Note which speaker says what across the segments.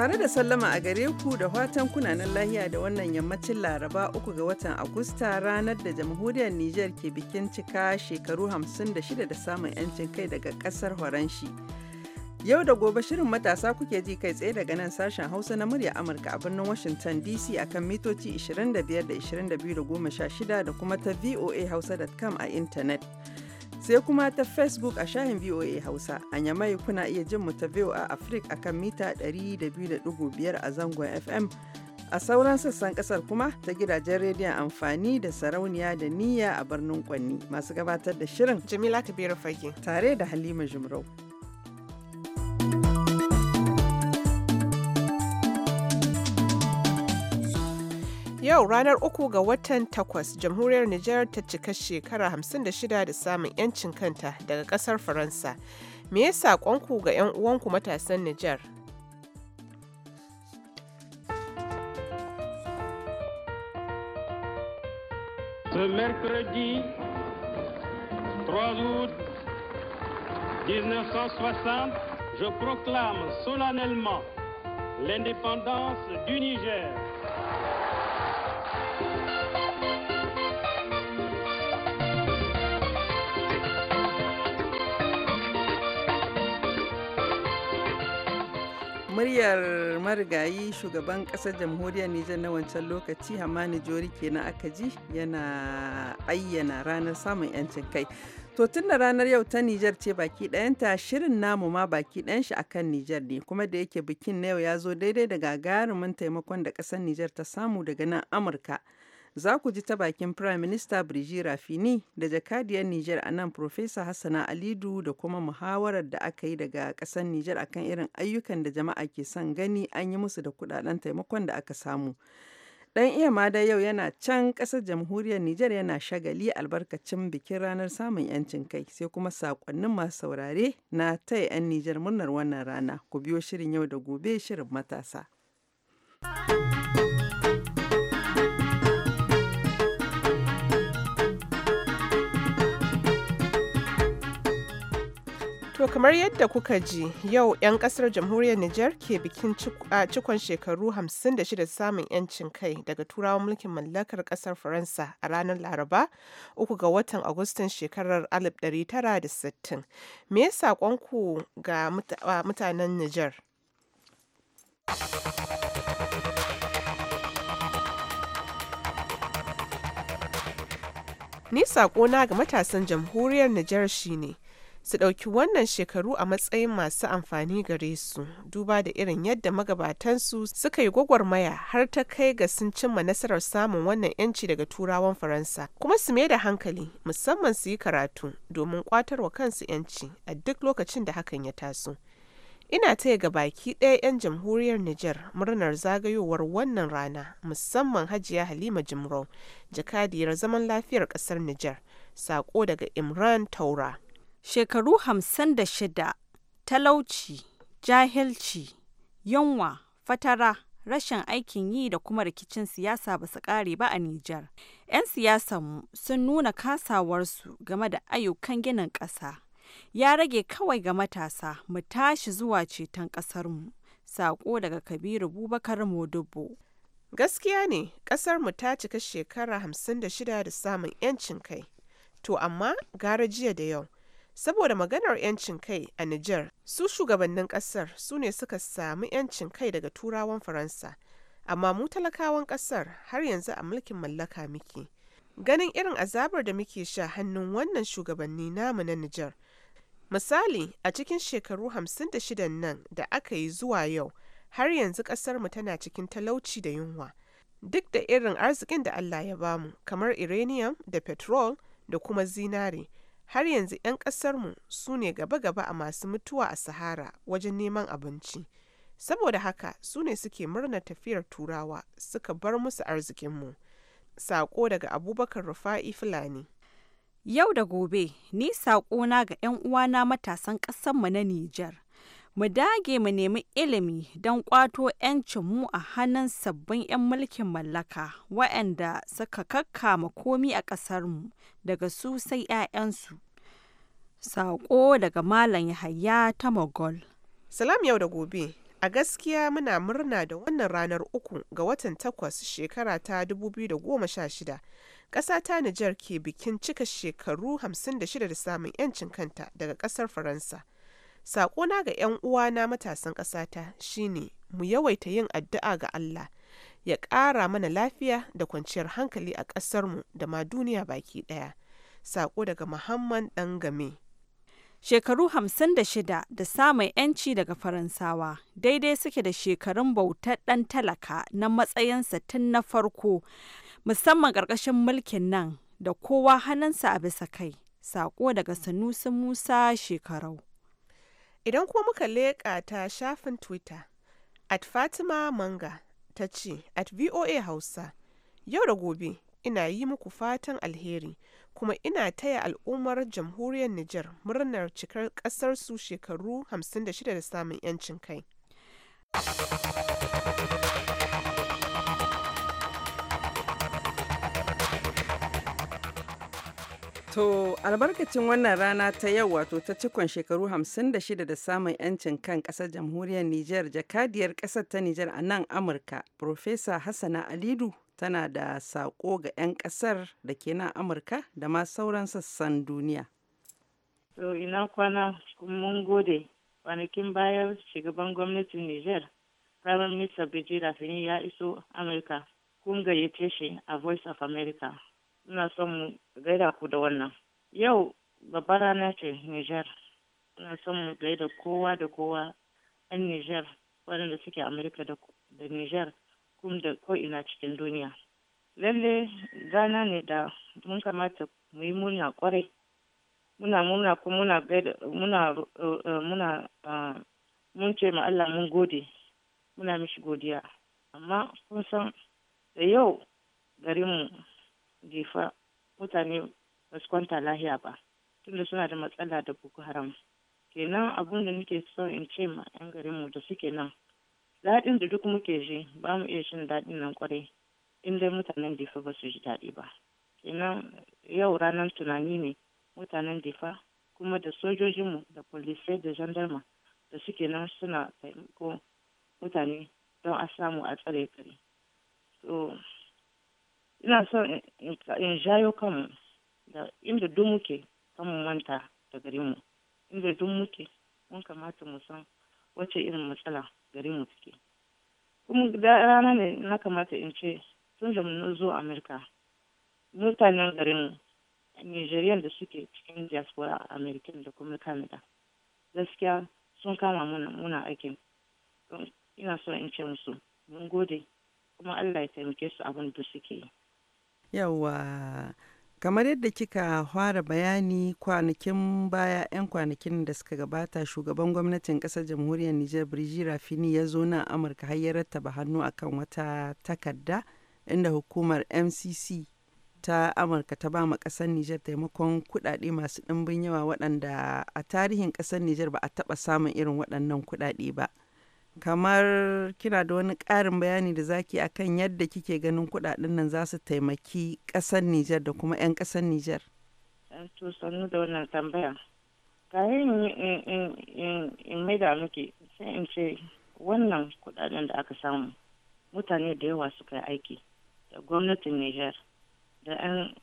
Speaker 1: Tare da sallama a gare ku da watan kunanan lahiya da wannan yammacin Laraba uku ga watan Agusta ranar da jamhuriyar Nijar ke bikin cika shekaru 56 da samun 'yancin kai daga kasar Horanshi. Yau da gobe shirin matasa kuke ji kai tsaye daga nan sashen Hausa na murya Amurka a birnin Washington DC akan mitoci 25 da 22 da da kuma ta voa hausa.com a intanet. sai kuma ta facebook a shahin voa hausa a yamai kuna iya jin mu ta voa africa kan mita 200.5 a zangon fm a sauran sassan kasar kuma ta gidajen rediyon amfani da sarauniya da niyya a birnin kwanni masu gabatar da shirin jamila biyar fage tare da halima jimrau
Speaker 2: Yau ranar uku ga watan takwas jamhuriyar Nijar ta cika shekara 56 da samun 'yancin kanta daga kasar Faransa. Me ya saƙonku ga 'yan uwanku matasan Nijar? Ce
Speaker 3: mercredi 3 août 1960, je proclame solennellement l'indépendance du Niger.
Speaker 1: muryar marigayi shugaban ƙasar jamhuriyar Nijar na wancan lokaci Hamani Jori kenan aka ji yana ayyana ranar samun 'yancin kai. To tunda ranar yau ta Nijar ce baki ɗayanta shirin namu ma baki ɗayan shi akan Nijar ne kuma da yake bikin na yau ya zo daidai da gagarumin taimakon da ƙasar Nijar ta samu daga nan Amurka. Za ku ji ta bakin Prime Minister birji Rafini da jakadiyar Nijar a nan Profesa Hassana Alidu da kuma muhawarar da aka yi daga ƙasar Nijar akan irin ayyukan da jama'a ke son gani an yi musu da kudaden taimakon da aka samu. Dan iya ma da yau yana can ƙasar jamhuriyar Nijar yana shagali albarkacin bikin ranar samun 'yancin kai sai kuma sakonnin masu saurare na taya 'yan Nijar murnar wannan rana. Ku biyo shirin yau da gobe shirin matasa.
Speaker 2: To kamar yadda kuka ji yau 'yan kasar jamhuriyar Nijar ke bikin cikon shekaru 56 samun 'yancin kai daga turawan mulkin mallakar kasar Faransa a ranar Laraba 3 ga watan Agustan shekarar 1960. Me ya saƙonku ga mutanen Nijar? Ni saƙona ga matasan jamhuriyar Nijar shine. ne. su ɗauki wannan shekaru a matsayin masu amfani gare su duba da irin yadda magabatansu suka yi gwagwarmaya har ta kai ga sun cimma nasarar samun wannan 'yanci daga turawan faransa kuma su mai da hankali musamman su yi karatu domin kwatarwa kansu 'yanci a duk lokacin da hakan ya taso ina taya ga baki ɗaya 'yan jamhuriyar niger murnar zagayowar wannan rana musamman hajiya Halima Jimrau jakadiyar zaman lafiyar ƙasar niger sako daga Imran Taura. shekaru hamsin da shida, talauci, jahilci, yunwa, fatara, rashin aikin yi da kuma rikicin siyasa ba su kare ba a Nijar. 'Yan siyasanmu sun nuna kasawarsu game da ayyukan ginin ƙasa. Ya rage kawai ga matasa mu tashi zuwa ceton ƙasarmu. Sako daga Kabiru Bubakar Modubo. Gaskiya ne, ƙasarmu ta cika shekara shida da samun 'yancin kai. To amma gara jiya da yau. saboda maganar 'yancin kai a Nijar su shugabannin kasar su ne suka samu 'yancin kai daga turawan Faransa amma mu talakawan kasar har yanzu a mulkin mallaka muke ganin irin azabar da muke sha hannun wannan shugabanni namu na Nijar misali a cikin shekaru 56 nan da aka yi zuwa yau har yanzu kasar mu tana cikin talauci da yunwa duk da irin arzikin da Allah ya bamu kamar uranium da petrol da kuma zinare har yanzu 'yan ƙasarmu su ne gaba-gaba a masu mutuwa a Sahara wajen neman abinci. Saboda haka su ne suke murna tafiyar Turawa suka bar musu arzikinmu. Saƙo daga Abubakar Rufa'i Fulani. Yau da gobe, ni saƙona ga 'yan uwana matasan ƙasarmu na Nijar. mu dage mu nemi ilimi don kwato mu a hannun sabbin 'yan mulkin mallaka waɗanda suka kakkama komi a ƙasarmu daga su sai 'ya'yansu. Saƙo daga Malam Yahaya ta Mogol. Salam yau da gobe. A gaskiya muna murna da wannan ranar uku ga watan takwas shekara ta 2016. Ƙasa ta Nijar ke bikin cika shekaru 56 da samun 'yancin kanta daga ƙasar Faransa. Saƙona ga 'yan uwana matasan ƙasata shine mu yawaita yin addu'a ga Allah ya ƙara mana lafiya da kwanciyar hankali a ƙasarmu da ma duniya baki ɗaya. Saƙo daga Muhammad game Shekaru hamsin da shida da samun 'yanci daga Faransawa daidai suke da shekarun bautar ɗan talaka na matsayinsa tun na farko, musamman ƙarƙashin mulkin nan da kowa hannunsa a bisa kai. Saƙo daga Sanusi Musa shekarau. Idan kuma muka leƙa ta shafin Twitter, at @Fatima manga ta ce at voa hausa yau da gobe ina yi muku fatan alheri kuma ina taya al'ummar jamhuriyar Nijar murnar cikar ƙasarsu shekaru 56 da samun 'yancin kai.
Speaker 1: To albarkacin wannan rana ta yau wato ta cikon shekaru 56 da samun 'yancin kan ƙasar jamhuriyar Nijar jakadiyar ƙasar ta Nijar a nan Amurka, Profesa Hassana Alidu tana da saƙo ga 'yan ƙasar da ke nan Amurka da ma sauran sassan duniya.
Speaker 4: To ina kwana mun gode kwanakin bayan shugaban gwamnatin Nijar, Prime Minister Bijira Fini ya iso Amurka, kun gayyace shi a Voice of America. ina son mu gaida ku da wannan yau babbar rana ce Nijar ina son mu gaida kowa da kowa yan Nijar waɗanda suke Amurka da Nijar kuma da ko'ina cikin duniya lalle gana ne da mun kamata mu yi murna kwarai muna murna kuma muna gaida muna eh, eh, muna ah, mun ce ma Allah mun gode muna mishi godiya amma kun san da yau garinmu jefa mutane ba su kwanta lahiya ba tunda suna da matsala da boko haram kenan abun da nake so in ce ma 'yan garin mu da suke nan daɗin da duk muke ji ba mu iya shin daɗin nan kwarai in dai mutanen jefa ba su ji daɗi ba kenan yau ranar tunani ne mutanen jefa kuma da sojojinmu da polisai da jandarma da suke nan suna taimako mutane don a samu a tsare kare so ina so in jayo kanmu da inda duk muke kan mu manta da garinmu inda duk muke mun kamata mu san wacce irin matsala garinmu take kuma da rana ne na kamata in ce tun da mun zo amerika mutanen garinmu nigerian da suke cikin diaspora american da kuma canada gaskiya sun kama muna muna aikin ina so in ce musu mun gode kuma allah ya taimake su abin da suke yi
Speaker 1: Yawwa. kamar yadda kika fara bayani kwanakin baya 'yan kwanakin da suka gabata shugaban gwamnatin kasar jamhuriyar nijar birji rafini ya zo nan amurka har ya hannu akan wata takarda inda hukumar mcc ta amurka ta ba ma kasar nijar taimakon kudade masu ɗimbin yawa waɗanda a tarihin kasar nijar ba a taɓa samun irin waɗannan kudade ba kamar kina da wani ƙarin bayani da zaki akan yadda kike ganin kuɗaɗen nan za su taimaki ƙasar Nijar da kuma 'yan ƙasar Nijar.
Speaker 4: Eh, to sannu da wannan tambaya. Kayan in mai da muke sai in ce wannan kuɗaɗen da aka samu mutane da yawa suka yi aiki da gwamnatin Nijar da 'yan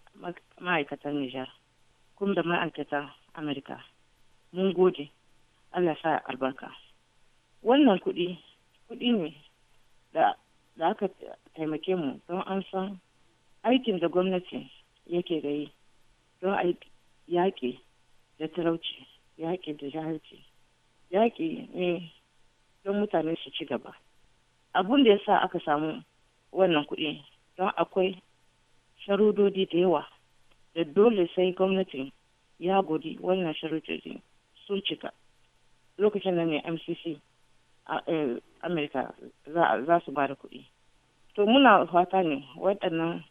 Speaker 4: ma'aikatan Nijar kuma da ma'aikatan Amurka. Mun gode. Allah sa albarka. wannan kuɗi kuɗi ne da aka taimake mu don an san aikin da gwamnati yake da yi don yaƙi da talauci yaƙi da jahilci yaƙi ne don mutane su ci gaba abun da ya sa aka samu wannan kuɗi don akwai sharudodi da yawa da dole sai gwamnatin ya godi wannan sharudodi sun cika lokacin da ne mcc amerika za su ba da kuɗi to muna fata ne waɗannan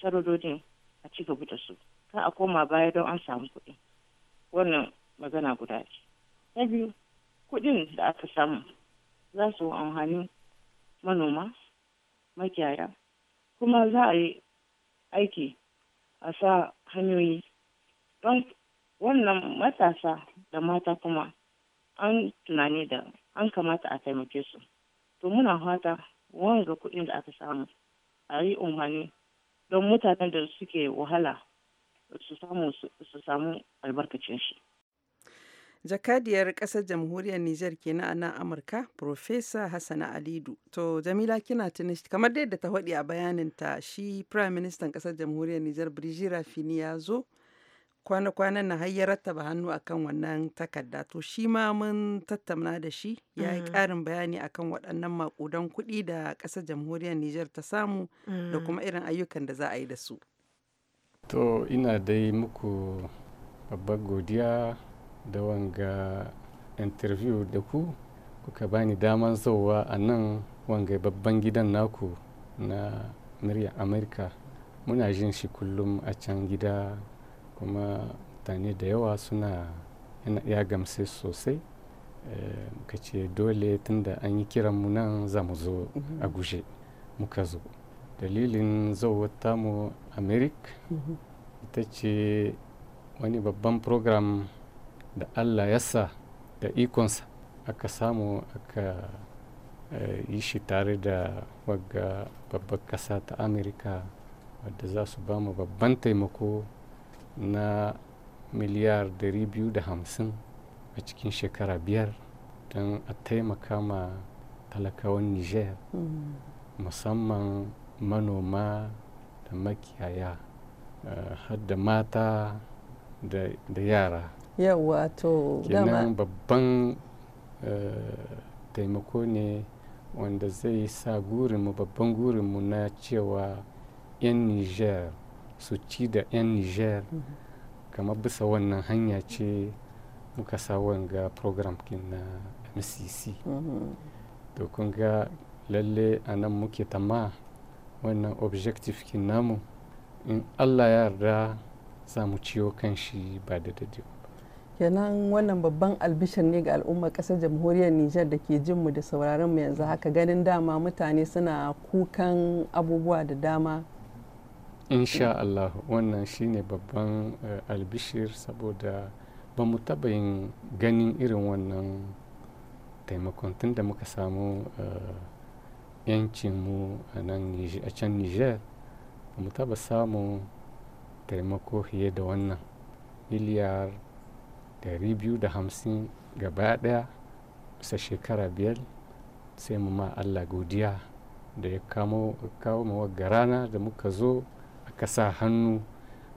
Speaker 4: sharadodin a ci gaba da su ka a koma baya don an samu kuɗi wannan magana guda ce na biyu kuɗin da aka samu za su amfani manoma makiyaya kuma za a yi aiki a sa hanyoyi don wannan matasa da mata kuma an tunani da an kamata a taimake su to muna fata wanga kuɗin da aka samu a yi umarni don mutanen da suke wahala su samu albarkacin shi
Speaker 1: jakadiyar ƙasar jamhuriyar Nijar kenan a nan Amurka, Profesa Hassana Alidu. To, Jamila kina tuni kamar dai da ta haɗi a bayaninta shi Prime Minister ƙasar jamhuriyar Nijar Birji Rafini ya zo kwana-kwanan na har ya rattaba hannu akan wannan takarda to shi ma mun tattauna da shi ya yi mm. ƙarin bayani akan waɗannan maƙudan kuɗi da ƙasar jamhuriyar Nijar ta samu da mm. kuma irin ayyukan da za a yi da su.
Speaker 5: To ina dai muku babbar godiya da wanga interview da ku kuka bani daman sauwa a nan wanga babban gidan naku na murya Amurka muna jin shi kullum a can gida kuma mutane da yawa suna ya gamse sosai eh, ka ce dole tunda an yi kiran mu nan za mu zo mhm. a guje muka zo dalilin wata mu americ mhm. ita ce wani babban program da allah ya sa da ikonsa aka samu aka eh, yi shi tare da wagga babban ƙasa ta amerika wadda za su ba mu babban taimako na miliyar 250 a cikin shekara biyar don a taimaka ma talakawan niger mm. musamman manoma da makiyaya eh, har da mata da yara
Speaker 1: yawa to
Speaker 5: babban eh, taimako ne wanda zai sa gurinmu babban gurinmu na cewa 'yan niger su ci da 'yan niger kamar bisa wannan hanya ce muka sa wanga program na mcc to kun ga lalle a nan muke tama wannan objective kin namu in allah yarda za mu ciyo kan shi ba da dadewa
Speaker 1: kenan wannan babban albishan ne ga al'ummar kasar jamhuriyar nijar da ke jinmu da sauraron mu yanzu haka ganin dama mutane suna kukan abubuwa da dama
Speaker 5: insha Allah wannan shine babban eh, albishir saboda ba mu taɓa yin ganin irin wannan taimakon tun da muka samu eh, yancinmu a can niger ba mu taɓa samu taimako fiye da wannan miliyar 250 gaba ɗaya bisa shekara biyar sai mu ma allah godiya da ya kawo mawa rana da muka zo kasa hannu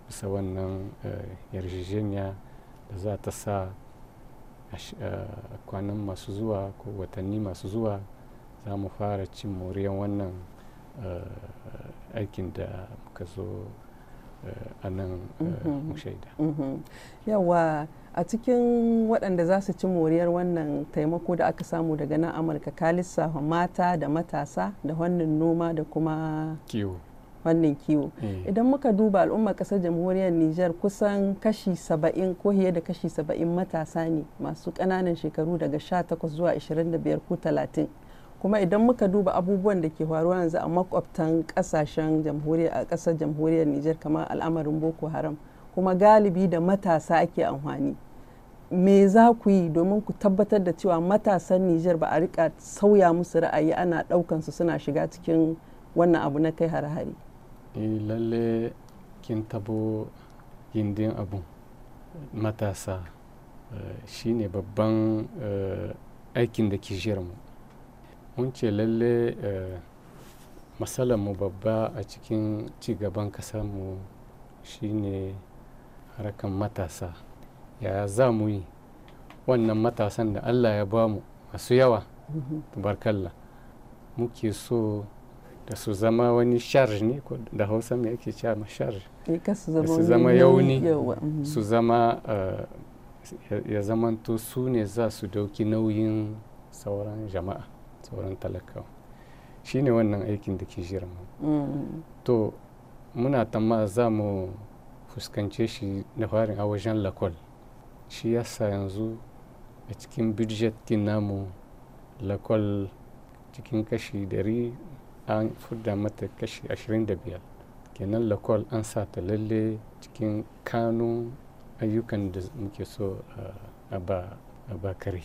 Speaker 5: bisa wannan eh, yarjejeniya da za ta sa eh, kwanan masu zuwa ko watanni masu zuwa za mu fara cin moriyan wannan eh, aikin da muka zo a nan mm-hmm. mu shaida mm-hmm.
Speaker 1: yawa a cikin waɗanda za su ci moriyar wannan taimako da aka samu daga nan amurka kalisa lissafa mata da matasa da wannan noma da kuma kiwo wannan kiwo mm. idan muka duba al'ummar kasar jamhuriyar niger kusan kashi saba'in ko fiye da kashi saba'in matasa ne masu kananan shekaru daga sha 18 zuwa 25 ko talatin kuma idan muka duba abubuwan da ke faruwa yanzu a makwabtan kasashen jamhuriyar a kasar jamhuriyar niger kamar al'amarin boko haram kuma galibi da matasa ake amfani me za ku yi domin ku tabbatar da cewa matasan niger ba a rika sauya musu ra'ayi ana ɗaukansu suna shiga cikin wannan abu na kai hare hari.
Speaker 5: eh lalle kin tabo gindin abun matasa eh, ne babban eh, aikin da ke mu mun ce lalle eh, mu babba a cikin cigaban mu ne harkan matasa Yaya za mu yi wannan matasan da allah ya bamu masu yawa mm-hmm. barkalla muke so ka su zama wani charge ne ko da hausa mai ake cewa ma charge eh, su zama yauni mm. su zama eh, ya zamanto su ne za su dauki nauyin sauran jama'a sauran talakawa shi ne wannan aikin da ke jiran mm. to muna tamma za mu fuskance shi na farin a wajen lakol shi yasa yanzu a cikin budget namu lakol cikin kashi an furda mata kashi 25 kenan lakwal an sa ta lalle cikin kanun ayyukan da muke so ah, a ba kare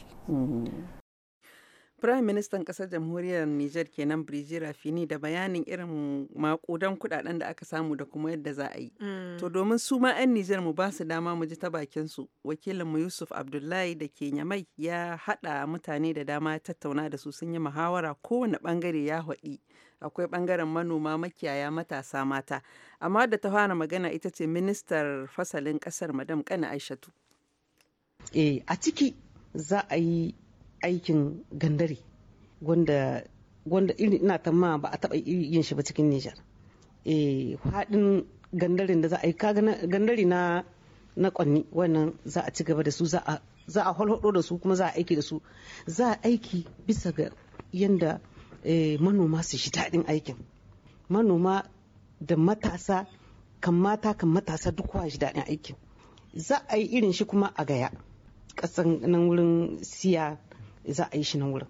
Speaker 1: Firayim Ministan kasar Jamhuriyar Nijar kenan Birji Rafini da bayanin irin makudan kudaden da aka samu da kuma yadda za a yi. Mm. To domin su ma 'yan Nijar mu ba su dama mu ji ta bakin su. Wakilin mu Yusuf Abdullahi da ke Nyamai ya haɗa mutane da dama tattauna da su sun yi muhawara kowane bangare ya haɗi akwai bangaren manoma makiyaya matasa mata amma da ta fara magana ita ce ministar fasalin kasar madam kana aishatu
Speaker 6: eh a ciki za a yi aikin gandare wanda wanda ina ina tamma ba a taba yin shi ba cikin Nijar eh haɗin gandarin da za a yi ka gandare na na kwanni wannan za a ci gaba da su za a za da su kuma za a aiki da su za a aiki bisa ga yanda Eh, manoma su shi daɗin aikin manoma da matasa kan mata kan matasa duk kowa shi daɗin aikin za a yi irin shi kuma a gaya ƙasan nan wurin siya za a yi shi nan wurin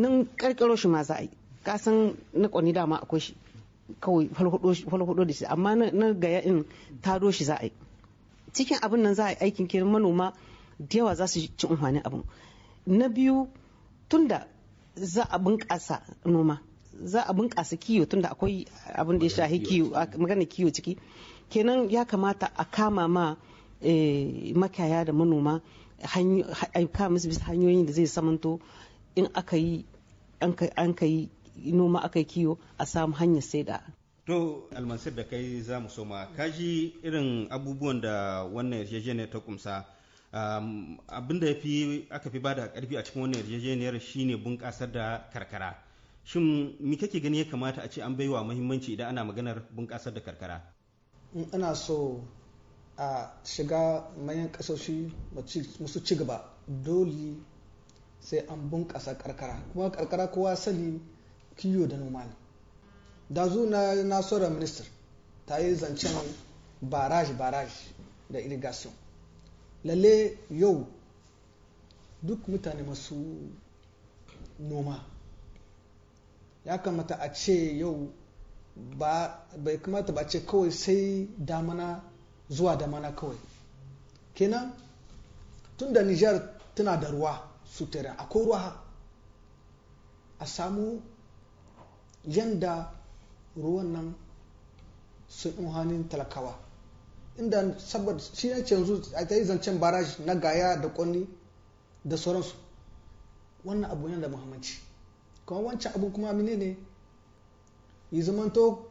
Speaker 6: nan ƙarƙaro shi ma za a yi ƙasan na ƙwani dama akwai shi kawai falhudo da shi amma na gaya in taro shi za a yi cikin abin nan za a yi aikin kirin manoma da yawa za su ci amfanin abin na biyu tunda za a bunƙasa noma za a bunƙasa kiwo tunda akwai abin da ya shahi kiwo magana kiwo ciki kenan ya kamata a kama ma eh, makiyaya da manoma a kama musu bisa hanyoyin da zai samanto in aka yi an ka noma aka yi kiwo a samu hanyar sai da.
Speaker 3: To almasir da kai za mu soma kaji irin abubuwan da wannan yarjejeniyar ta kumsa abin da aka fi bada karfi a cikin wannan yarjejeniyar shine bunƙasar da karkara shin me kake gani ya kamata a ce an baiwa muhimmanci idan ana maganar bunƙasar da karkara
Speaker 7: in ana so a shiga manyan kasashe masu ci gaba dole sai an bunƙasa karkara kuma karkara kowa sani kiyo da noma ne da zo na nasara minister ta yi zancen baraj baraj da irrigation lalle yau duk mutane masu noma ya kamata a ce yau bai kamata ba ce kawai sai damana zuwa damana kawai kenan tun da nijar tana da ruwa sutura akwai ruwa a samu yanda ruwan nan sun hannun talakawa inda saboda shi ne yanzu a ta yi zancen baraji na gaya da kwanni da sauransu wannan abu ne da muhimmanci kuma wancan abu kuma mine ne yi zamanto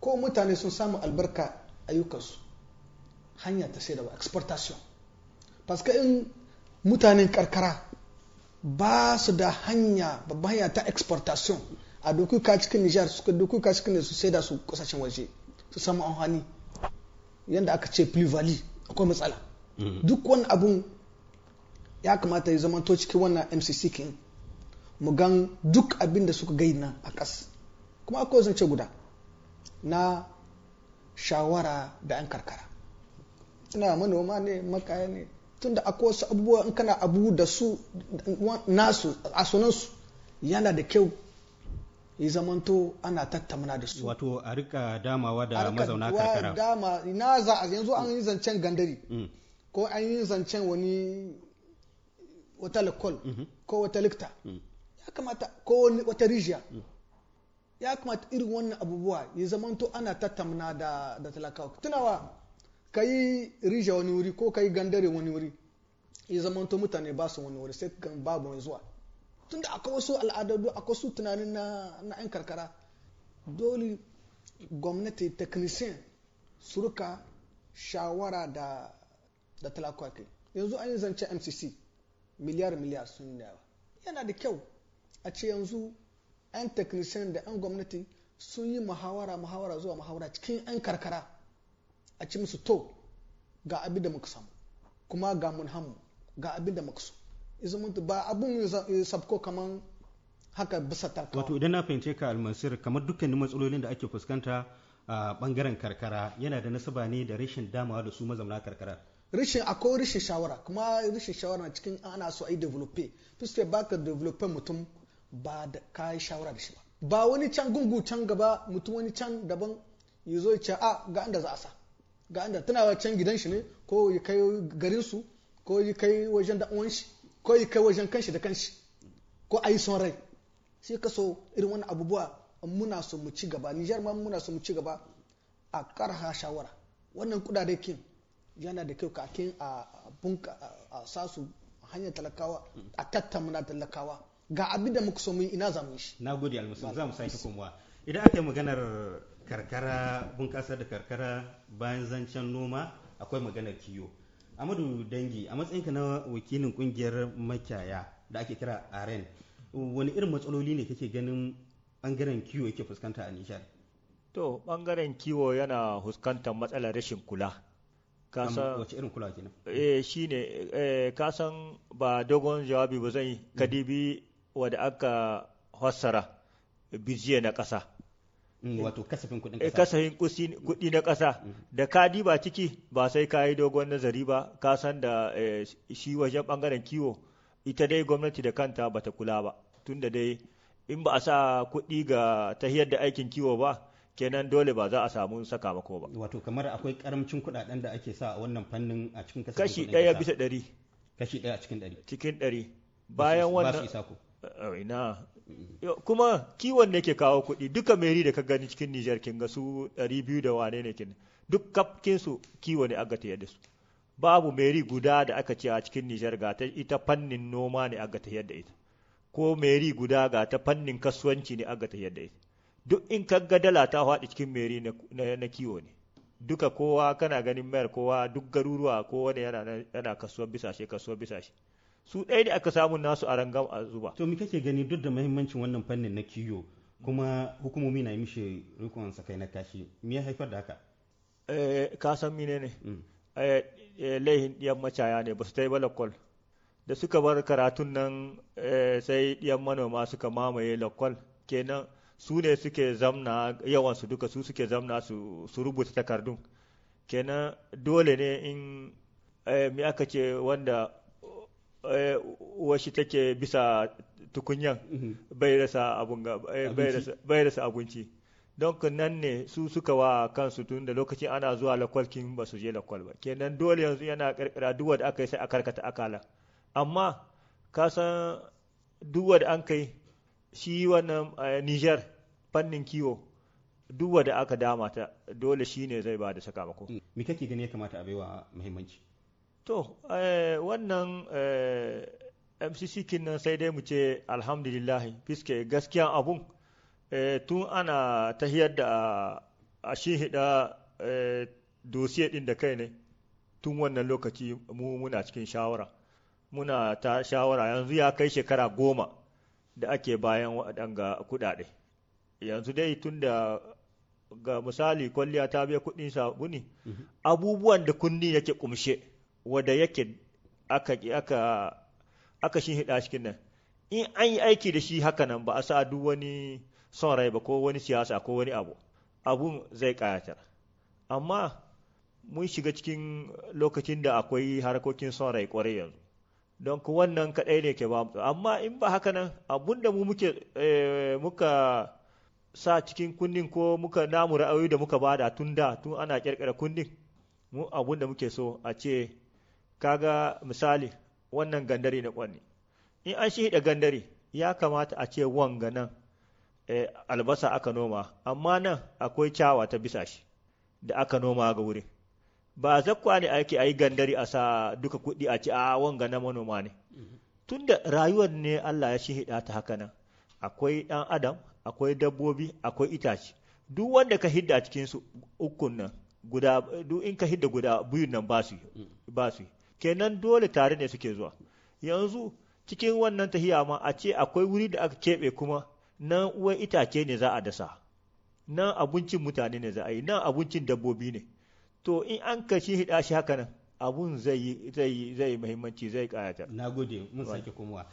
Speaker 7: ko mutane sun samu albarka ayyukansu hanya ta sai da ba exportation paska in mutanen karkara ba su da hanya babban hanya ta exportation a dokuka cikin nijar suka dokuka cikin su sai da su kasashen waje su samu amfani yadda aka ce plivali akwai matsala duk wani abun ya kamata ya zama to cikin wannan mcc kin mu gan duk abin da suka gaina a kas kuma akwai zance guda na shawara da 'yan karkara ina manoma ne makaya ne tunda akwai wasu abubuwa in kana abu da su nasu a sunansu yana da kyau ya zamanto ana tattauna da su wato
Speaker 3: a rika damawa da mazauna karkara
Speaker 7: dama na za a yanzu an yi zancen gandari mm. ko an yi zancen wani wata lakol mm-hmm. ko wata likta mm. ya kamata ko wata rijiya mm. ya kamata irin wannan abubuwa ya zamanto ana tattauna da da talakawa tunawa ka yi rijiya wani wuri ko ka yi gandare wani wuri ya zamanto mutane ba su wani wuri sai babu mai zuwa tunda akwai wasu al'adadu akwai su tunanin na na 'yan karkara dole gwamnati technician su shawara da da talakawa kai yanzu an yi zance mcc miliyar miliyar sun yawa yana da kyau a ce yanzu 'yan technician da 'yan gwamnati sun yi muhawara muhawara zuwa muhawara cikin 'yan karkara a ci musu to ga abin da muka samu kuma ga mun hamu ga abin da muka so izumuntu ba abun ya sabko kaman haka bisa takawa
Speaker 3: wato idan na fahimce ka almasir kamar dukkanin matsalolin da ake fuskanta a bangaren karkara yana da nasaba ne da rashin damawa da su mazauna karkara
Speaker 7: rashin akwai rashin shawara kuma rashin shawara cikin ana so ai yi develope fuske baka ka develope mutum ba da ka shawara da shi ba ba wani can gungu can gaba mutum wani can daban ya zo ce a ah, ga inda za a sa ga inda tana can gidan shi ne ko ya kai garin su ko ya kai wajen da uwan shi ko yi kai wajen kanshi da kanshi ko a yi son rai sai ka so irin wani abubuwa muna so mu ci gaba nijar ma muna so mu ci gaba a karha shawara wannan kudade kin yana da kyau kakin a bunka a sasu hanyar talakawa a tattamuna talakawa ga abin da muka so mu ina zamu shi
Speaker 3: na gode almusu za mu sake komawa idan aka yi maganar karkara bunƙasar da karkara bayan zancen noma akwai maganar kiyo amadu dangi a matsayinka na wakilin kungiyar makiyaya da ake kira aren wani irin matsaloli ne kake ganin bangaren kiwo yake fuskanta a nishar
Speaker 8: to bangaren kiwo yana fuskantar matsalar rashin kula kasan eh, eh, ba dogon jawabi ba zan kadibi mm. wanda aka hassara bijiya na ƙasa Mm. wato kasafin kuɗin eh, ƙasa kasafin kudi na kasa mm. da ka diba ciki ba sai ka yi dogon nazari ba ka san da eh, shi wajen ɓangaren kiwo ita dai gwamnati da kanta ba ta kula ba tun da dai in ba a sa kuɗi ga tahiyar da aikin kiwo ba kenan dole ba za a samu sakamako ba wato
Speaker 3: kamar akwai karamcin kuɗaɗen da ake sa a wannan fannin a
Speaker 8: cikin kasafin kashi ɗaya bisa ɗari kashi ɗaya a cikin ɗari cikin dari
Speaker 3: bayan wannan
Speaker 8: ina kuma kiwon ne ke kawo kuɗi duka meri da ka gani cikin Nijar kin ga su 200 da wane ne kin duk kafkin su kiwo ne agata yadda su babu meri guda da aka ce a cikin Nijar ga ta ita fannin noma ne agata yadda ita ko meri guda ga ta fannin kasuwanci ne agata yadda ita duk in ka ga dala ta faɗi cikin meri na kiwo ne duka kowa kana ganin mayar kowa duk garuruwa kowa ne yana kasuwar bisashe kasuwar bisashe su ɗaya ne aka samu nasu a rangam a zuba
Speaker 3: to mi kake gani duk da muhimmancin wannan fannin na kiyo kuma hukumomi na yi mishi rikon sakai na kashi me ya haifar da haka
Speaker 8: eh, ka san mine ne mm. eh, eh, laihin ɗiyan macaya ne ba su ta yi balakwal da suka bar karatun nan sai ɗiyan manoma suka mamaye lakwal kenan su ne suke zamna yawansu duka su suke zamna su rubuta takardun kenan dole ne in me aka ce wanda Eh, washi take bisa tukunyan mm-hmm. bai eh, rasa bai rasa abinci don nan ne su suka wa kansu tun da lokacin ana zuwa lakwalkin ba su je lakwal ba kenan dole yanzu yana karkara duwa da aka yi sai a karkata akala amma ka san duwa da an kai shi wannan eh, niger fannin kiwo duwa da aka dama ta dole shi ne zai ba da sakamako mm. me kake gani ya kamata a baiwa muhimmanci to eh, wannan eh, mcc kinnan sai dai mu ce alhamdulillahi fiske gaskiya abun eh, tun ana tahiyar da a shihida dosiye din da kai ne tun wannan lokaci mu muna cikin shawara muna ta shawara yanzu ya kai shekara goma da ake bayan waɗanga kuɗaɗe yanzu dai tun da ga misali kwalliya ta biya kuɗin sabuni mhm. abubuwan da kunni yake kumshe wadda yake aka aka shi hida cikin nan in an yi aiki da shi haka nan ba a sa duk wani son rai ba ko wani siyasa ko wani abu abun zai kayatar amma mun shiga cikin lokacin da akwai harkokin son rai kwarai yanzu don ku wannan kaɗai ne ke ba amma in ba haka nan abun da mu muke eh, muka sa cikin kunnin ko muka namu ra'ayoyi da muka bada tun da tun ana kirkira kundin mu abun da muke so a ce kaga misali wannan gandare na kwanne in an shi da gandare ya kamata a ce wanga nan eh, albasa aka noma amma nan akwai cawa ta bisa shi da aka noma ga wuri ba zakwa ne ake a yi gandari a sa duka kuɗi a ce a wanga na manoma ne tunda rayuwar ne Allah ya shihida ta haka nan akwai ɗan adam akwai dabbobi akwai itace duk wanda ka hidda a cikin ukun nan guda duk in ka hidda guda biyun nan ba su ba kenan dole tare ne suke zuwa yanzu cikin wannan tahiya ma a ce akwai wuri da aka keɓe kuma nan uwan itace ne za a dasa nan abincin mutane ne za a yi nan abincin dabbobi ne to in an kashi hida shi haka nan abun zai yi zai zai muhimmanci zai kayata mun sake komowa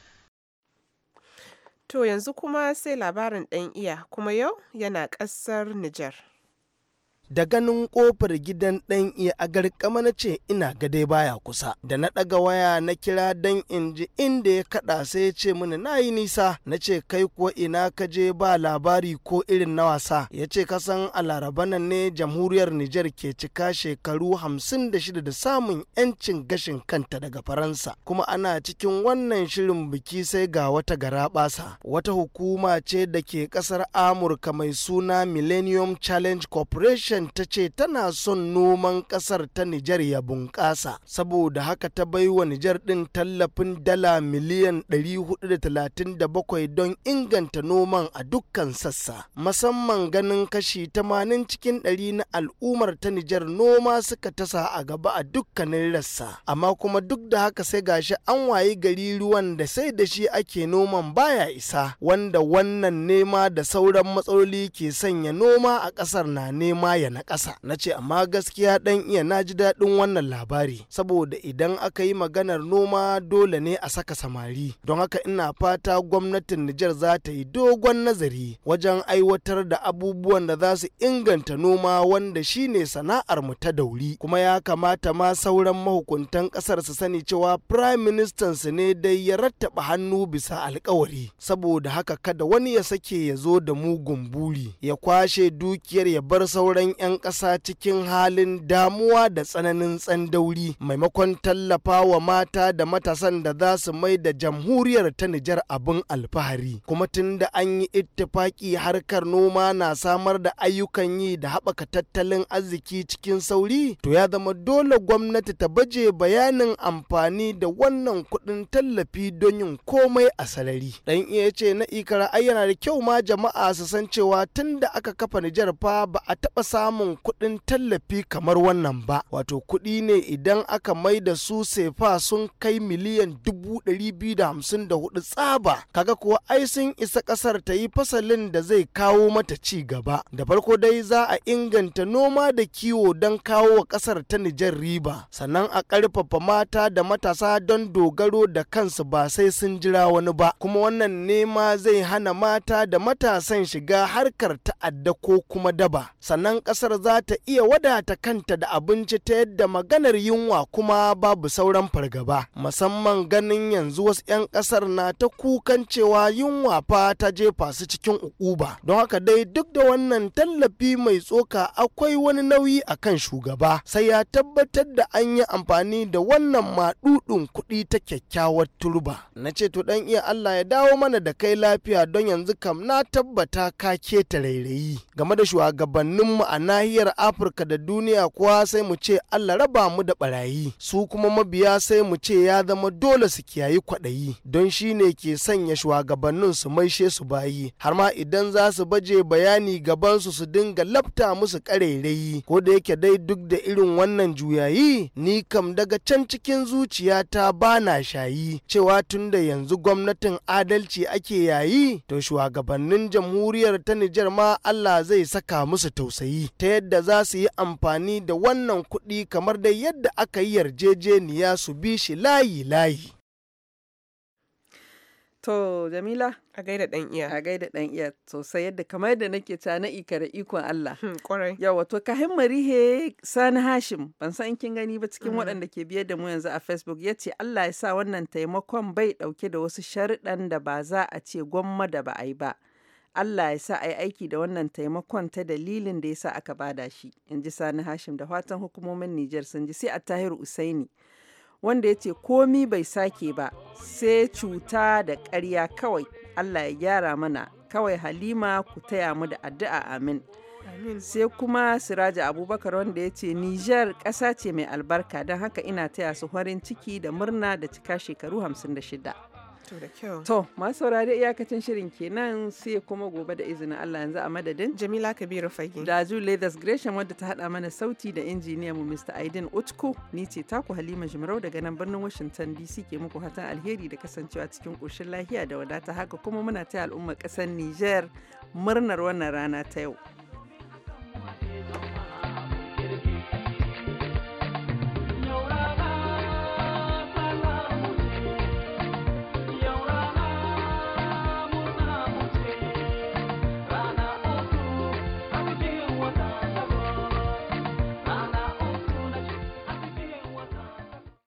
Speaker 2: to yanzu kuma sai labarin dan iya kuma yau yana ƙasar Nijar.
Speaker 9: da ganin kofar gidan ɗan iya agarkama na ce ina ga dai baya kusa da na ɗaga waya na kira dan in ji inda ya kaɗa sai ya ce mini na yi nisa na ce kai ko ina ka je ba labari ko irin na wasa ya ce kasan a larabanan ne jamhuriyar Nijar ke cika shekaru hamsin da shida da samun yancin gashin kanta daga Faransa kuma ana cikin wannan shirin biki sai ga wata garaɓasa wata hukuma ce da ke ƙasar Amurka mai suna Millennium Challenge Corporation Washington ta ce tana son noman ƙasar ta Nijar ya bunƙasa, saboda haka ta bai wa Nijar ɗin tallafin dala miliyan 437 don inganta noman a dukkan sassa, musamman ganin kashi 80 cikin 100 na al'ummar ta Nijar noma suka tasa a gaba a dukkanin rassa, amma kuma duk da haka sai gashi an wayi gari ruwan da sai da shi ake noman baya isa, wanda wannan nema da sauran matsaloli ke sanya noma a ƙasar na nema ya iya na ƙasa na ce amma gaskiya ɗan iya na ji daɗin wannan labari saboda idan aka yi maganar noma dole ne a saka samari don haka ina fata gwamnatin Nijar za ta yi dogon nazari wajen aiwatar da abubuwan da za su inganta noma wanda shine sana'ar mu ta dauri kuma ya kamata ma sauran mahukuntan ƙasar su sani cewa prime minister su ne dai ya rattaba hannu bisa alkawari saboda haka kada wani ya sake ya zo da mugun buri ya kwashe dukiyar ya bar sauran 'yan ƙasa cikin halin damuwa da tsananin tsandauri maimakon tallafa wa mata da matasan da za su mai da jamhuriyar ta Nijar abin alfahari. Kuma tun da an yi ittifaki harkar noma na samar da ayyukan yi da haɓaka tattalin arziki cikin sauri, to ya zama dole gwamnati ta baje bayanin amfani da wannan kuɗin tallafi don yin komai a sarari. Ɗan iya ce na ikara ai da kyau ma jama'a su san cewa tun da aka kafa Nijar fa ba a taɓa samun samun kuɗin tallafi kamar wannan ba wato kuɗi ne idan aka mai da su sefa sun kai miliyan dubu dari biyu da hamsin da hudu tsaba kaga kuwa ai sun isa ƙasar ta yi fasalin da zai kawo mata ci gaba da farko dai za a inganta noma da kiwo don kawo wa ƙasar ta nijar riba sannan a ƙarfafa mata da matasa don dogaro da kansu ba sai sun jira wani ba kuma wannan nema zai hana mata da matasan shiga harkar ta'adda ko kuma daba sannan ƙasar ƙasar za ta iya wadata kanta da abinci ta yadda maganar yunwa kuma babu sauran fargaba musamman ganin yanzu wasu 'yan ƙasar na ta kukan cewa yunwa fa ta jefa su cikin ukuba don haka dai duk da wannan tallafi mai tsoka akwai wani nauyi a kan shugaba sai ya tabbatar da an yi amfani da wannan maɗuɗin kuɗi ta kyakkyawar turba na ce to dan iya Allah ya dawo mana da kai lafiya don yanzu kam na tabbata ka keta rairayi game da shugabanninmu a a nahiyar afirka da duniya kuwa sai mu ce allah raba mu da barayi su kuma mabiya sai mu ce ya zama dole su kiyayi kwaɗayi don shi ne ke sanya shugabannin su maishe su bayi har ma idan za su baje bayani gabansu su dinga lafta musu ƙarairayi ko da yake dai duk da irin wannan juyayi ni kam daga can cikin zuciyata ba na shayi cewa tun da yanzu gwamnatin adalci ake yayi to shugabannin jamhuriyar ta Nijar ma Allah zai saka musu tausayi. ta yadda za su yi amfani da wannan kuɗi kamar da yadda aka yi yarjejeniya su bi shi layi-layi. To Jamila
Speaker 1: a gaida dan iya a gaida dan iya sosai yadda kamar da nake ta na ikare ikon Allah kwarai hmm, yawa to kahin marihe sani Hashim ban san kin gani ba cikin mm-hmm. waɗanda ke biye da mu yanzu a Facebook ya ce Allah ya sa wannan taimakon bai ɗauke da wasu sharuɗan da ba za a ce gwamma da ba a yi ba Allah ya sa a yi aiki da wannan taimakon ta dalilin da ya sa aka bada shi, in ji Sani Hashim da fatan hukumomin Nijar sun ji sai a Tahir Usaini. Wanda ya ce komi bai sake ba, sai cuta da karya kawai Allah ya gyara mana, kawai Halima ku taya mu da addu'a amin. sai kuma siraja abubakar wanda ya ce niger ƙasa ce mai albarka don haka ina taya su farin ciki da murna da cika shekaru shida. To masu saurari iyakacin shirin kenan sai kuma gobe da izinin Allah yanzu a madadin. Jamila Kabiru Fage. Da Ju Leathers Gresham wadda ta haɗa mana sauti da injiniya mu Mr. Aidin Utku. Ni ce taku Halima Jimarau daga nan birnin Washington DC ke muku hatan alheri da kasancewa cikin ƙoshin lahiya da wadata haka kuma muna taya al'ummar ƙasar Niger murnar wannan rana ta yau.